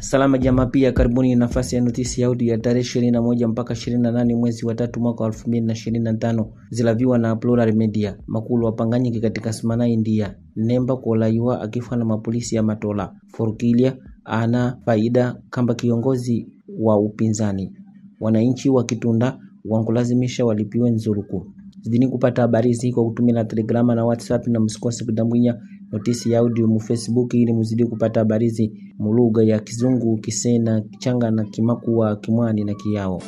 Salama Jamaa pia karibuni nafasi ya notisi ya ya tarehe 21 mpaka 28 mwezi wa tatu mwaka 2025 zilaviwa na Plural Media. Makulu wapanganyike katika Smana India. Nemba kolaiwa akifwa na mapolisi ya Matola. Forukilia ana faida kamba kiongozi wa upinzani. Wananchi wa Kitunda wankulazimisha walipiwe nzuruku. Zidini kupata habari hizi kwa kutumia na Telegrama na WhatsApp na msikosi kudambwinya notisi ya audio mu Facebook ili muzidi kupata habari mu lugha ya Kizungu, Kisena, Kichanga na Kimakua, Kimwani na Kiyao.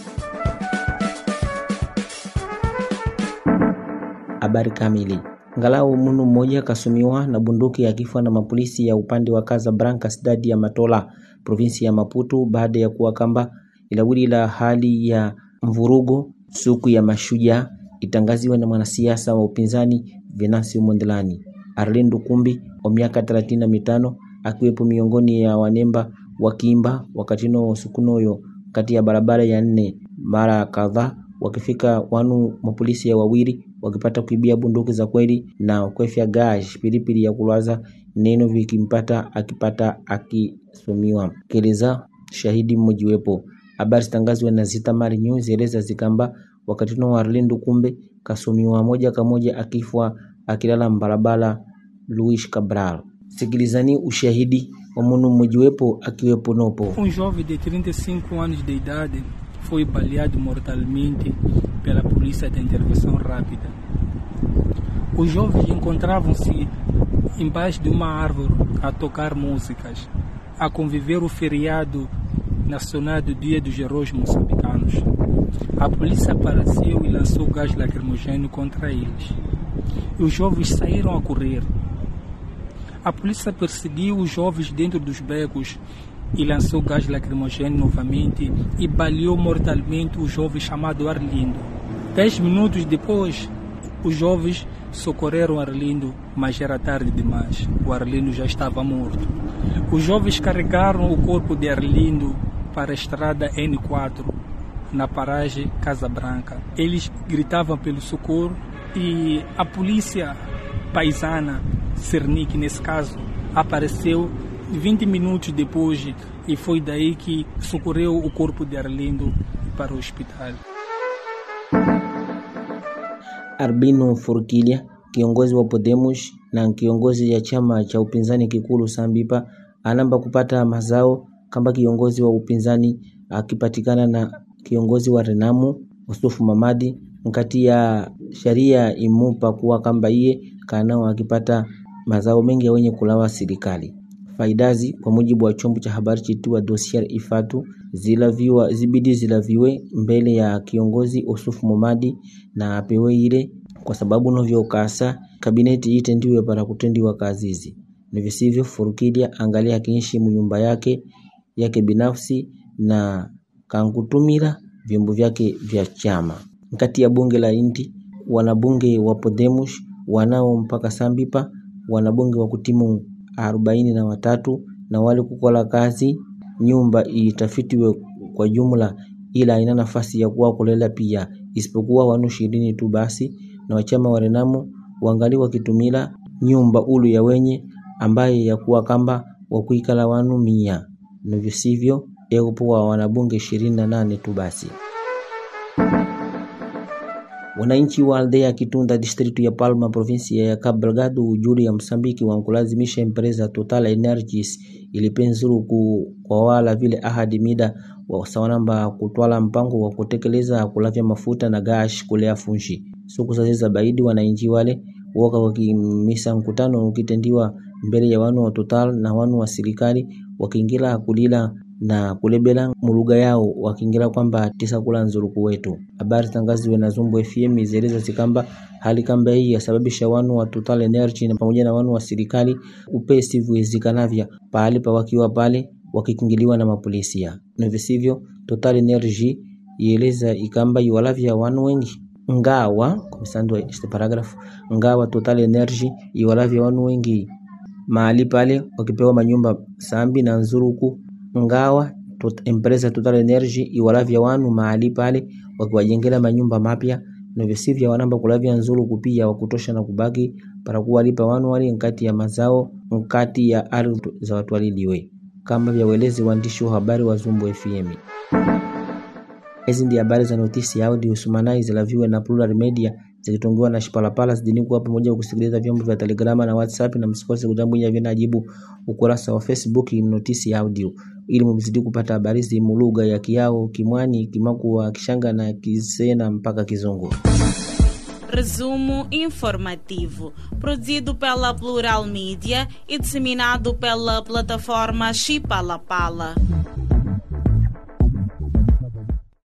Habari kamili Ngalau munu mmoja kasumiwa na bunduki ya kifwa na mapolisi ya upande wa Casablanca, stadi ya Matola, provinsi ya Maputo, baada ya kuwakamba ilawili la hali ya mvurugo suku ya mashujaa itangaziwa na mwanasiasa wa upinzani Venancio Mondlane. Arlen Lukumbi wa miaka 35 akiwepo miongoni ya wanemba wakiimba wakatino wasukunoyo kati ya barabara ya nne mara kadhaa wakifika wanu mapolisi ya wawili wakipata kuibia bunduki za kweli na kwefya gash pilipili ya kulwaza neno vikimpata akipata akisumiwa keleza shahidi mmojiwepo habari zitangazwa na Zita Mari News eleza zikamba wakati no Arlindo kumbe kasumiwa moja kwa moja akifwa akilala mbarabara Luiz Cabral, sikilizani ushahidi wa munu Nopo. Um jovem de 35 anos de idade foi baleado mortalmente pela polícia de intervenção rápida. Os jovens encontravam-se embaixo de uma árvore a tocar músicas, a conviver o feriado nacional do Dia dos Heróis Moçambicanos. A polícia apareceu e lançou gás lacrimogêneo contra eles. Os jovens saíram a correr, a polícia perseguiu os jovens dentro dos becos e lançou gás lacrimogêneo novamente e baleou mortalmente o jovem chamado Arlindo. Dez minutos depois, os jovens socorreram Arlindo, mas era tarde demais. O Arlindo já estava morto. Os jovens carregaram o corpo de Arlindo para a estrada N4, na paragem Casa Branca. Eles gritavam pelo socorro e a polícia paisana Cernic, nesse caso, apareceu 20 minutos depois e foi daí que socorreu o corpo de Arlindo para o hospital. Arbino Forquilha, kiongozi wa Podemos na kiongozi ya chama cha upinzani kikulu Sambipa, anamba kupata mazao kama kiongozi wa upinzani akipatikana na kiongozi wa Renamu Usufu Mamadi, mkati ya sharia imupa kuwa kamba iye kanao akipata mazao mengi ya wenye kulawa serikali. Faidazi kwa mujibu wa chombo cha habari chitiwa Dosier Ifatu zilaviwa zibidi zilaviwe mbele ya kiongozi Osufu Momadi na apewe ile kwa sababu novyo kabineti itendiwe para kutendiwa kazizi hizi nivisivyo furukidia angalia hakiishi munyumba yake yake binafsi na kangutumira vyombo vyake vya chama nkati ya bunge la inti wanabunge wa podemush wanao mpaka sambipa wanabunge wa kutimu arobaini na watatu na wali kukola kazi nyumba itafitiwe kwa jumla, ila haina nafasi ya kuwa kulela pia isipokuwa wanu ishirini tu basi, na wachama wa renamu wangali wakitumila nyumba ulu ya wenye ambaye yakuwa kamba wakuikala wanu mia, na visivyo yakupoa wanabunge ishirini na nane tu basi. Wananchi wa Aldea Kitunda distritu ya Palma provinsia ya Cabo Delgado juri ya Msambiki wankulazimisha empresa Total Energies ilipenzuru wala vile ahadi mida wa sawanamba kutwala mpango wa kutekeleza kulavya mafuta na gas kulea funshi siku zaziza baidi wananchi wale woka wakimisa mkutano ukitendiwa mbele ya wanu wa Total na wanu wa serikali wakiingila kulila na kulebela mulugha yao wakingira kwamba tisakula nzuruku wetu habari tangaziwe na Zumbu FM zeleza zikamba hali kamba hii yasababisha wanu wa Total Energy na pamoja na wanu wa serikali upesi vuezikanavya pahali pa wakiwa pale wakikingiliwa na mapolisia na visivyo, Total Energy yeleza ikamba iwalavya wanu wengi ngawa kumisandwa este paragraph ngawa Total Energy iwalavya wanu wengi mahali pale wakipewa manyumba sambi na nzuruku Ngawa Empresa Total Energy iwalavya wanu mahali pale wakiwajengela manyumba mapya na visivya wanamba kulavya nzuru wa kutosha na kubaki para kuwalipa wanu wali nkati ya mazao nkati ya ardhi za watu waliliwe, kama vya welezi waandishi wa habari wa Zumbu FM. Hizi ndi habari za notisi ya audio sumanayi zilaviwe na Plural Media zikitongiwa na Shipalapala zidini kuwa pamoja kusikiliza vyombo vya Telegrama na WhatsApp na msikose kutambwinya vinajibu ukurasa wa Facebook notisi ya audio ili mumzidi kupata habari mu lugha ya kiao Kimwani Kimakua Kishanga na Kisena mpaka Kizungu Resumo informativo, produzido pela Plural Media e disseminado pela plataforma Chipala Pala.